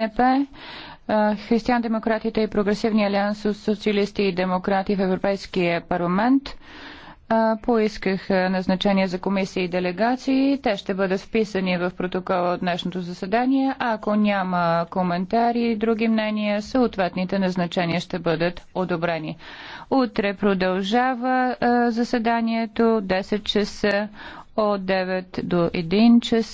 ЕНП, християн-демократите и прогресивния алианс от социалисти и демократи в Европейския парламент поисках назначение за комисии и делегации. Те ще бъдат вписани в протокола от днешното заседание. Ако няма коментари и други мнения, съответните назначения ще бъдат одобрени. Утре продължава заседанието 10 часа от 9 до 1 час.